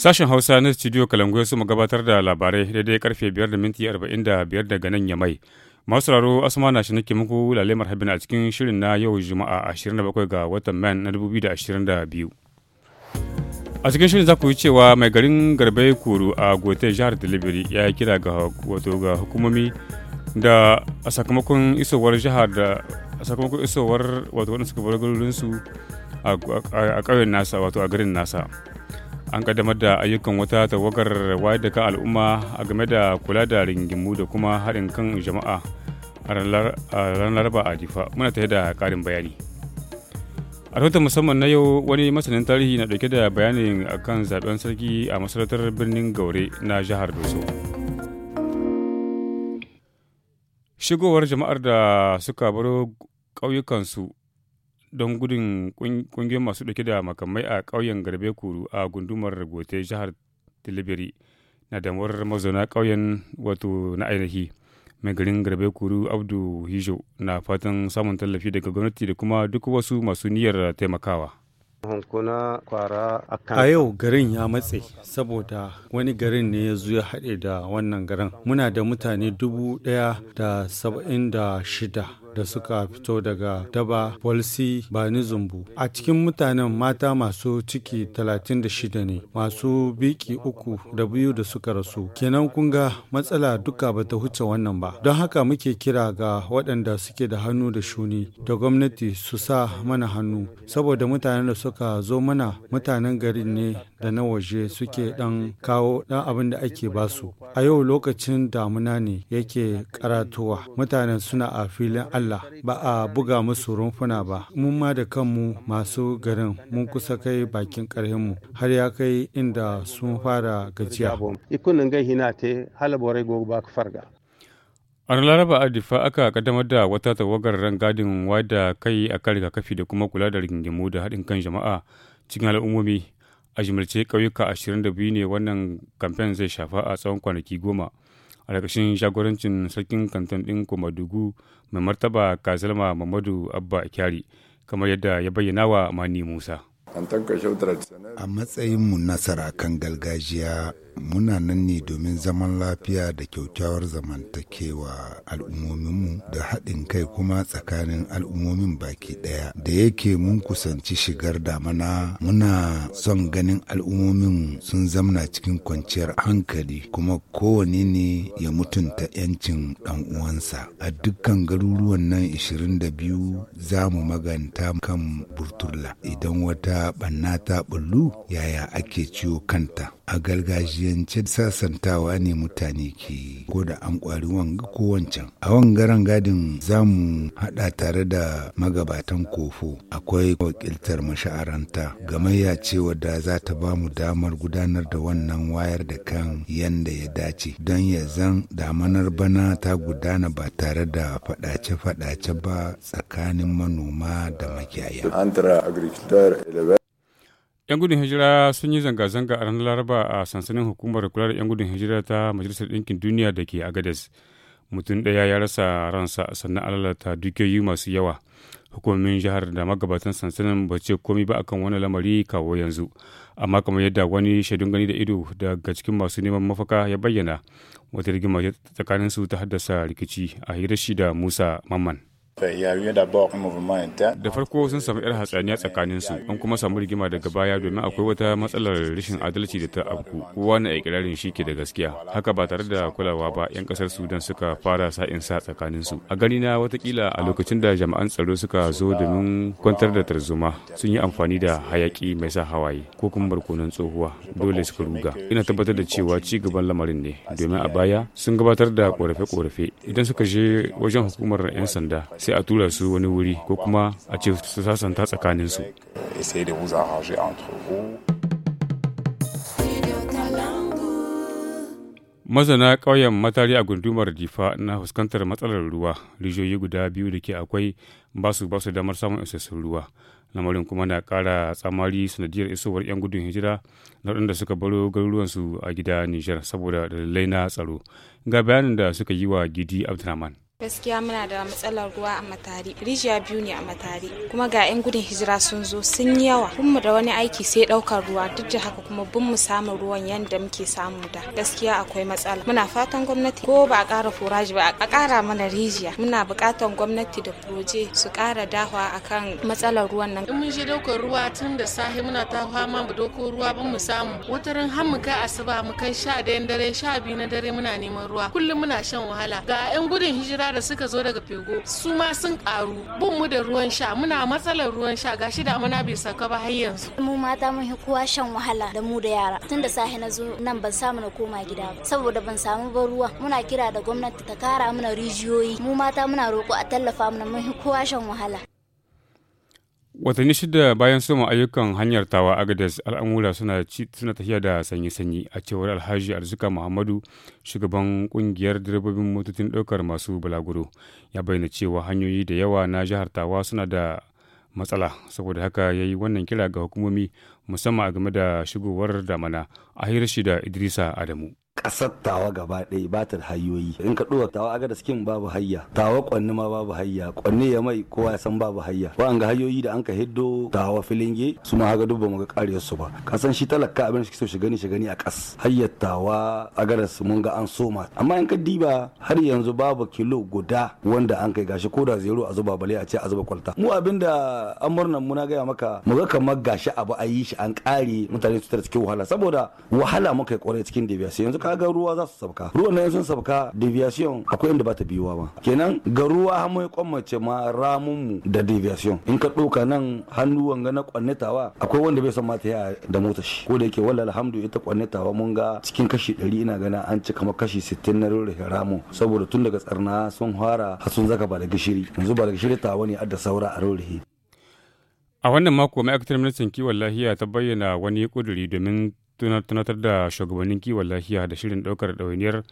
Sashen Hausa na Studio ya su gabatar da labarai daidai karfe 5 da minti 45 daga nan ya mai. Masu sauraro Asma na shi nake muku lalemar marhabin a cikin shirin na yau Juma'a 27 ga watan Man na 2022. A cikin shirin za ku yi cewa mai garin Garbe Kuru a Gote jihar Delivery ya yi kira ga wato ga hukumomi da a sakamakon isowar jihar da a sakamakon isowar wato waɗanda suka bar garurinsu a ƙauyen nasa wato a garin nasa. an kaddamar da ayyukan wata tawagar wayar da kan al'umma a game da kula da ringimu da kuma haɗin kan jama'a a ranar laraba a jifa muna tare da ƙarin bayani a rahoton musamman na yau wani masanin tarihi na ɗauke da bayanin akan zaben sarki a masarautar birnin gaure na jihar doso shigowar jama'ar da suka baro ƙauyukansu don gudun kungiyar masu dauke da makamai a ƙauyen garbe kuru a gundumar gote jihar tilibiri na damuwar mazauna ƙauyen wato na ainihi mai garin garbe kuru abdu hijo na fatan samun tallafi daga gwamnati da kuma duk wasu masu niyyar taimakawa a yau garin ya matse saboda wani garin ne ya zo ya haɗe da wannan garin muna da mutane dubu ɗaya da saba'in da shida da suka fito daga daba ba ni zumbu a cikin mutanen mata masu ciki 36 ne masu biki uku da biyu da suka rasu kenan kunga matsala duka ba ta huce wannan ba don haka muke kira ga waɗanda suke da hannu da shuni da gwamnati su sa mana hannu saboda mutanen da suka zo mana mutanen gari ne da na waje suke ɗan kawo dan abin da ake basu a yau lokacin damuna ne yake karatuwa mutanen suna a filin Allah ba a buga musu rumfuna ba mun ma da kanmu masu garin mun kusa kai bakin mu har ya kai inda sun fara gajiya a laraba a difa aka kaddamar da wata tawagar ran rangadin wada kai a kan rigakafi da kuma kula da rigingimu da haɗin kan jama'a cikin al'ummomi a jimilce ƙauyuka 22 ne wannan kamfen zai shafa a tsawon kwanaki goma a ƙarƙashin shagorancin sarkin kantin ɗin komadugu mai martaba kazalma mamadu abba kyari kamar yadda ya bayyana wa mani musa a matsayinmu na kan gargajiya muna nan ne domin zaman lafiya da kyaukyawar zamantakewa al'ummominmu da haɗin kai kuma tsakanin al'ummomin baki ɗaya da yake mun kusanci shigar damana muna son ganin al'ummomin sun zamna cikin kwanciyar hankali kuma kowane ne ya mutunta 'yancin ɗan uwansa a dukkan garuruwan nan 22 za mu maganta kan burtula idan wata ɓanna ta ɓullu yaya ake ciwo kanta a gargajiyance sasantawa ne mutane ke ko da an kwari wanga ko wancan a wangaren gadin za mu haɗa tare da magabatan kofo akwai wakiltar masha'aranta gamayya cewa da za ta ba mu damar gudanar da wannan wayar da kan yanda ya dace don ya zan damanar bana ta gudana ba tare da faɗace-faɗace ba tsakanin manoma da makiyaya. 'Yan gudun hijira sun yi zanga-zanga a ranar Laraba a sansanin hukumar kula da 'yan gudun hijira ta Majalisar Ɗinkin Duniya da ke Agades. Mutum ɗaya ya rasa ransa sannan alalata dukiyoyi masu yawa. Hukumomin jihar da magabatan sansanin ba ce komi ba akan wani lamari kawo yanzu. Amma kamar yadda wani shaidun gani da ido daga cikin masu neman mafaka ya bayyana, wata rigima su ta haddasa rikici a hira shi da Musa Mamman. Da farko sun samu 'yar hatsaniya tsakanin su, an kuma samu rigima daga baya domin akwai wata matsalar rashin adalci da ta afku. Kowa na ikirarin shi ke da gaskiya. Haka ba tare da kulawa ba 'yan kasar Sudan suka fara sa in sa tsakanin su. A gani na watakila a lokacin da jama'an tsaro suka zo domin kwantar da tarzoma sun yi amfani da hayaki mai sa hawaye ko kuma barkonon tsohuwa dole suka ruga. Ina tabbatar da cewa ci gaban lamarin ne domin a baya sun gabatar da korafe-korafe idan suka je wajen hukumar 'yan sanda sai a tura su wani wuri ko kuma a ce su sasanta tsakaninsu mazana ƙauyen matari a gundumar difa na fuskantar matsalar ruwa rijiyoyi guda biyu da ke akwai ba su ba su damar samun isassun ruwa lamarin kuma na ƙara tsamari sanadiyar isowar 'yan gudun hijira na waɗanda suka baro garuruwansu a gida nijar saboda dalilai na tsaro ga bayanin da suka yi wa gidi abdulrahman gaskiya muna da matsalar ruwa a matari rijiya biyu ne a matari kuma ga 'yan gudun hijira sun zo sun yi yawa mu da wani aiki sai ɗaukar ruwa duk da haka kuma bin mu samun ruwan yadda muke samu da gaskiya akwai matsala muna fatan gwamnati ko ba a ƙara furaji ba a ƙara mana rijiya muna buƙatar gwamnati da proje su ƙara dahwa akan matsalar ruwan nan in mun je daukar ruwa tun da safe muna ta fama mu ɗauko ruwa mu samu wataran har mu kai asuba mu kai sha dare sha biyu na dare muna neman ruwa kullum muna shan wahala ga 'yan gudun hijira da suka zo daga fego su ma sun karu bin mu da ruwan sha muna matsalar ruwan sha gashi da muna bai saka ba har yanzu mu mata mun hi kowa shan wahala da mu da yara tunda sahi na zo nan ban samu na koma gida ba saboda ban samu ba ruwa muna kira da gwamnati ta kara mana rijiyoyi mu mata muna roko a tallafa mana mun hi kowa shan wahala watanni shida bayan soma ayyukan hanyar tawa agades al'amura suna suna tafiya da sanyi-sanyi a cewar alhaji arzika muhammadu shugaban kungiyar direbobin motocin daukar masu balaguro ya bayyana cewa hanyoyi da yawa na jihar tawa suna da matsala saboda haka ya yi wannan kira ga hukumomi musamman a game da shigowar damana a hirar shi da idrisa adamu ƙasar tawa gaba ɗaya ba ta da hanyoyi in ka ɗuwa tawa aga da skin babu hayya tawa kwanni ma babu hayya kwanni ya mai kowa ya san babu hayya an ga hanyoyi da an ka hiddo tawa filinge su ma haga dubba muga ƙariyar su ba kasan shi talaka abin shi so shi gani shi gani a ƙas hayyar tawa aga da mun ga an soma amma in ka diba har yanzu babu kilo guda wanda an kai gashi ko da zero a zuba bale a ce a zuba kwalta mu abinda an murnan na gaya maka mu ga kamar gashi abu a yi shi an ƙare mutane su tara cikin wahala saboda wahala muka yi ƙwarai cikin biya sai yanzu ka kaga ruwa za su sabka ruwan nan sun sabka deviation akwai inda ba ta biyuwa ba kenan ga ruwa har mai kwamace ma ramun mu da deviation in ka ɗauka nan hannu wanga na kwannetawa akwai wanda bai san ma ta da motar shi ko da yake wallahi alhamdu ita kwannetawa mun ga cikin kashi 100 ina gana an ci kamar kashi 60 na rurrufe ramu saboda tun daga tsarna sun fara har sun zaka ba da gishiri yanzu ba da gishiri tawa ne adda saura a rurrufe A wannan mako ma'aikatar ministan kiwon lafiya ta bayyana wani kuduri domin tunatar da shugabannin kiwon lafiya da shirin ɗaukar ɗawainiyar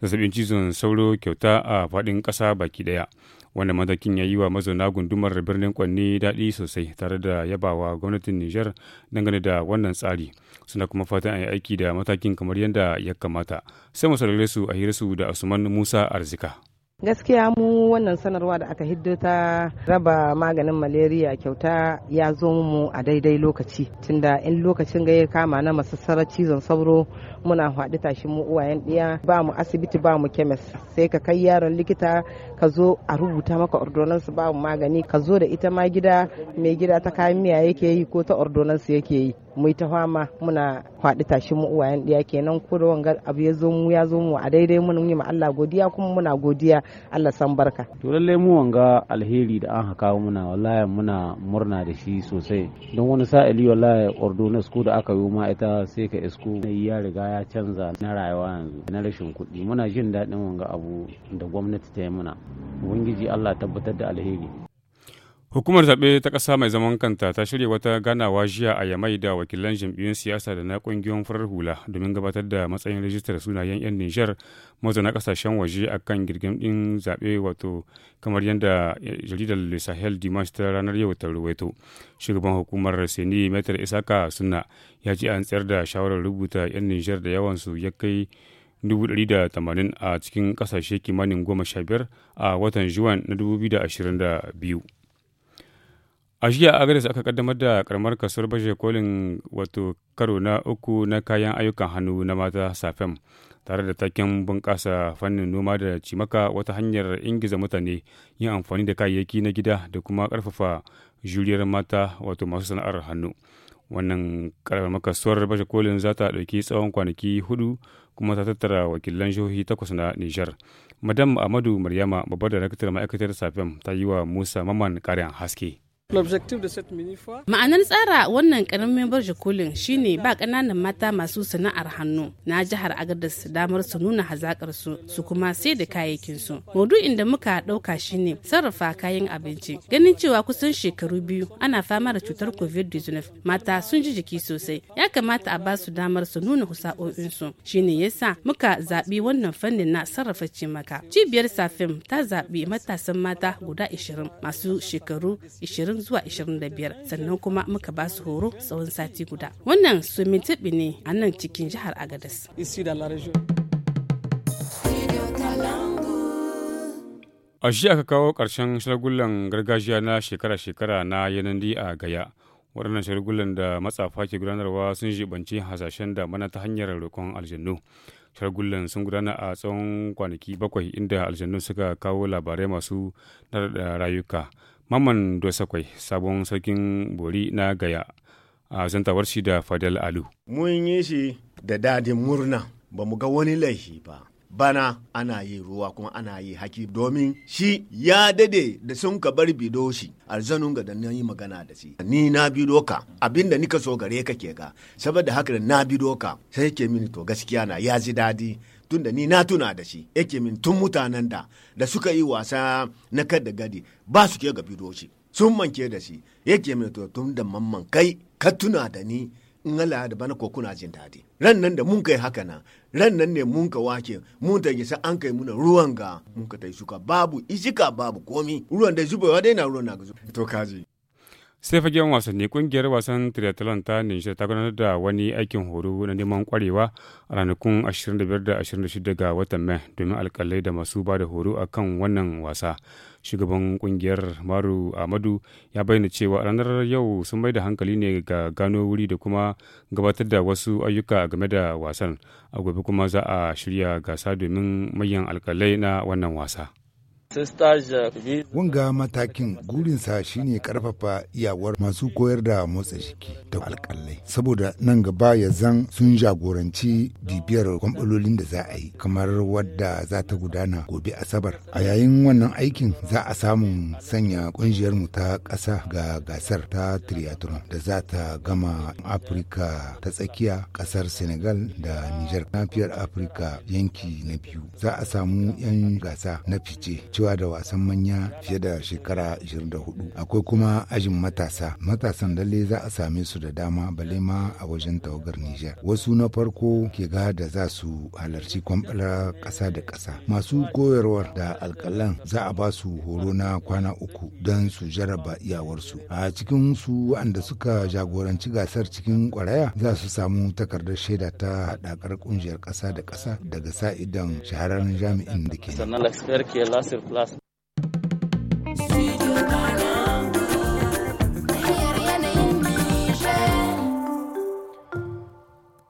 zazzabin cizon sauro kyauta a faɗin ƙasa baki ɗaya wanda matakin ya yi wa mazauna gundumar birnin kwanni daɗi sosai tare da yabawa gwamnatin niger dangane da wannan tsari suna kuma fatan a yi aiki da matakin kamar yadda ya kamata sai mu su a su da asuman musa arzika. gaskiya mu wannan sanarwa da aka hiddo ta raba maganin malaria kyauta ya zo mu a daidai lokaci tunda in lokacin ga ya kama na masassarar cizon sauro muna faɗi tashi mu uwayen ɗiya ba mu asibiti ba mu kemis sai ka kai yaron likita ka zo a rubuta maka ordonansu ba mu magani ka zo da ita ma gida mai gida ta kayan miya yake yi ko ta ordonansu yake yi mu ta fama muna faɗi tashin mu uwayen ɗiya kenan ko da wanga abu ya zo mu ya zo mu a daidai mun yi ma Allah godiya kuma muna godiya Allah san barka to lalle mu wanga alheri da an haka muna wallahi muna murna da shi sosai don wani sa'ili wallahi ordo na da aka yi ma ita sai ka isko ya riga ya canza na rayuwa yanzu na rashin kuɗi muna jin daɗin wanga abu da gwamnati ta yi muna ubangiji Allah tabbatar da alheri Hukumar zaɓe ta ƙasa mai zaman kanta ta shirya wata ganawa jiya a Yamai da wakilan jam'iyyun siyasa da na ƙungiyoyin farar hula domin gabatar da matsayin rijistar sunayen 'yan Nijar mazauna ƙasashen waje a kan girgin ɗin zaɓe wato kamar yadda jaridar Le Sahel Dimash ta ranar yau ta ruwaito. Shugaban hukumar Seni Metar Isaka suna ya ji an tsayar da shawarar rubuta 'yan Nijar da yawansu ya kai dubu ɗari da tamanin a cikin ƙasashe kimanin goma sha biyar a watan Juwan na dubu biyu da da ashirin biyu. A jiya Agadez aka kaddamar da karamar kasuwar baje kolin wato karo na uku na kayan ayyukan hannu na mata Safem tare da taken bunƙasa fannin noma da cimaka wata hanyar ingiza mutane yin amfani da kayayyaki na gida da kuma karfafa juriyar mata wato masu sana'ar hannu. Wannan karamar kasuwar baje kolin za ta ɗauki tsawon kwanaki hudu kuma ta tattara wakilan jihohi takwas na Nijar. Madam Amadu Maryama babbar da daraktar ma'aikatar Safem ta yi wa Musa Maman ƙarin haske. Ma'anar tsara wannan karamin barje kolin shine ba ƙananan mata masu sana'ar hannu na jihar Agadas damar su nuna hazakar su kuma sai da kayayyakin su. inda da muka ɗauka shine sarrafa kayan abinci. Ganin cewa kusan shekaru biyu ana fama da cutar COVID-19 mata sun ji jiki sosai. Ya kamata a ba su damar su nuna husa'o'in su. Shine yasa muka zaɓi wannan fannin na sarrafa cimaka. Cibiyar Safim ta zaɓi matasan mata guda 20 masu shekaru 20 ashirin zuwa biyar sannan kuma muka ba su horo tsawon sati guda wannan swimming ne a nan cikin jihar agadas a shi aka kawo ƙarshen shagulan gargajiya na shekara-shekara na yanandi a gaya waɗannan shagulan da matsafa ke gudanarwa sun jibanci hasashen da mana ta hanyar roƙon aljannu shagulan sun gudana a tsawon kwanaki bakwai inda aljannu suka kawo labarai masu da rayuka Maman Dosakwai, sabon sarkin Bori na Gaya, a zantawar shi da Fadal Alu. Mun yi shi da dadin murna, ba mu ga wani laifi ba. Bana ana yi ruwa kuma ana yi haki domin shi ya dade da sun ka bar bido shi arzanun ga da na yi magana da shi. Ni na bido ka abinda nika so gare ka ke ga saboda haka na bido ka sai ke mini to gaskiya na ya ji dadi da ni na tuna da shi yake min tun mutanen da da suka yi wasa na kada gadi ba su ke ga fidoshi sun manke da shi yake min to tun da mamman kai ka tuna da ni in Allah da bana ko kuna jin daɗi ran nan da mun kai haka na ran nan ne mun ka wake mun ta gisa an kai muna ruwan ga mun ka tai shuka babu isika babu komi ruwan da zubewa dai na ruwan na to kaji sai fagen wasanni kungiyar wasan triathlon ta nijar ta gudanar da wani aikin horo na neman kwarewa a ranakun 25 da 26 ga watan mai domin alkalai da masu ba da horo a kan wannan wasa shugaban kungiyar maru amadu ya bayyana cewa ranar yau sun mai da hankali ne ga gano wuri da kuma gabatar da wasu ayyuka game da wasan a gobe kuma za a shirya gasa domin manyan alkalai na wannan wasa Wanga matakin gurinsa shine karfafa iyawar masu koyar da motsa jiki da alkalai Saboda nan gaba ya zan sun jagoranci bibiyar kwamfalolin da za a yi kamar wadda za ta gudana gobe Asabar. A yayin wannan aikin za a samu sanya mu ta ƙasa ga gasar ta triathlon da za ta gama Afirka ta tsakiya ƙasar Senegal da Nijar nafiyar Afirka yanki na biyu. Za a samu 'yan gasa na fice. amincewa da wasan manya fiye da shekara 24 akwai kuma ajin matasa matasan lalle za a same su da dama bale ma a wajen tawagar Nijar wasu na farko ke ga da za su halarci kwamfala ƙasa da ƙasa masu koyarwar da alkalan za a ba su horo na kwana uku don su jaraba iyawarsu a cikin su waɗanda suka jagoranci gasar cikin kwaraya za su samu takardar shaida ta haɗakar ƙungiyar ƙasa da ƙasa daga sa'idan shahararren jami'in da ke plus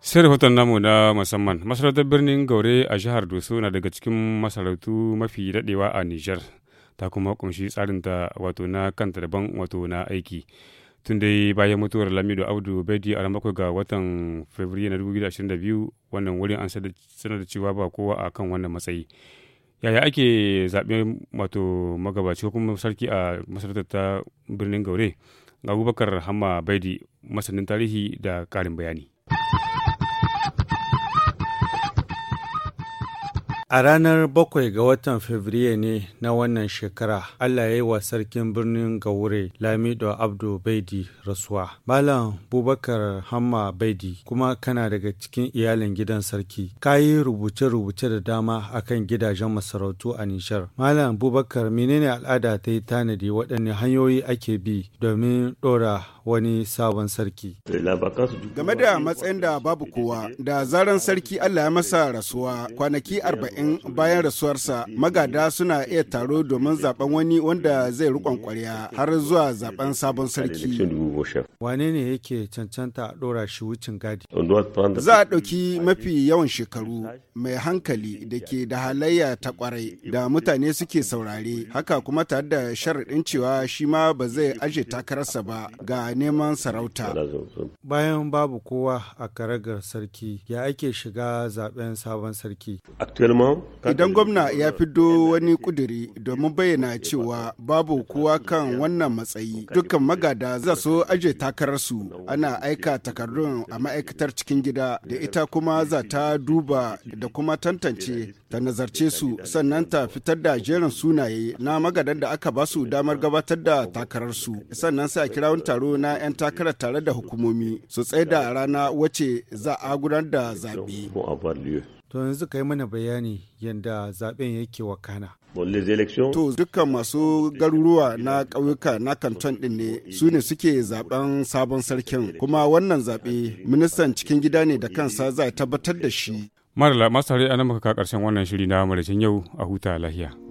sai rahoton namu na musamman masarautar birnin gaure a jihar doso na daga cikin masarautu mafi daɗewa a nijar ta kuma kunshi tsarinta wato na kanta daban wato na aiki tun dai bayan mutuwar lamido abdu bedi a ramako ga watan fabrairu na 2022 wannan wurin an sanar da cewa ba kowa a kan wannan matsayi yaya ake zaɓe wato magabaci ko kuma sarki a masarautar ta birnin gaure ga abubakar hamma baidi masanin tarihi da ƙarin bayani A ranar bakwai ga watan Fabrairu ne na wannan shekara, Allah ya yi wa sarkin birnin Gaure Lamido Abdu Baidi rasuwa. Malam Bubakar Hamma Baidi kuma kana daga cikin iyalin gidan sarki. Ka yi rubuce-rubuce da dama a kan gidajen masarautu a Nishar. Malam Bubakar menene al'ada ta yi tanadi waɗanne hanyoyi ake bi domin ɗora wani sabon sarki. Game da matsayin da babu kowa, da zaran sarki Allah ya masa rasuwa kwanaki arba'in bayan rasuwarsa magada suna iya taro domin zaben wani wanda zai rikon kwarya har zuwa zaben sabon sarki. Wane ne yake cancanta a ɗora shi wucin gadi? Za a ɗauki mafi yawan shekaru mai hankali da ke da halayya ta kwarai da mutane suke saurare haka kuma tare da sharaɗin cewa shi ma ba zai aje takararsa ba ga a neman sarauta. Bayan babu kowa a karagar sarki ya ake shiga zaben sabon sarki. Idan gwamna ya fido wani kuduri domin bayyana cewa babu kowa kan wannan matsayi dukkan magada za so aje takararsu ana aika takardun a ma'aikatar cikin gida da ita kuma za ta duba da kuma tantance ta nazarce su sannan ta fitar da jerin sunaye na magadan da aka ba su damar gabatar da takararsu sannan sai a kira wani taro na 'yan takara tare da hukumomi su tsaye da rana wace za a gudanar da zaɓe. To yanzu kai mana bayani yadda zaben yake wakana. To dukkan masu garuruwa na ƙauyuka na kanton ɗin ne su ne suke zaben sabon sarkin kuma wannan zaɓe ministan cikin gida ne da kansa za a tabbatar da shi Mara masu tare a nan karshen ƙarshen wannan shiri na mara yau a huta lahiya.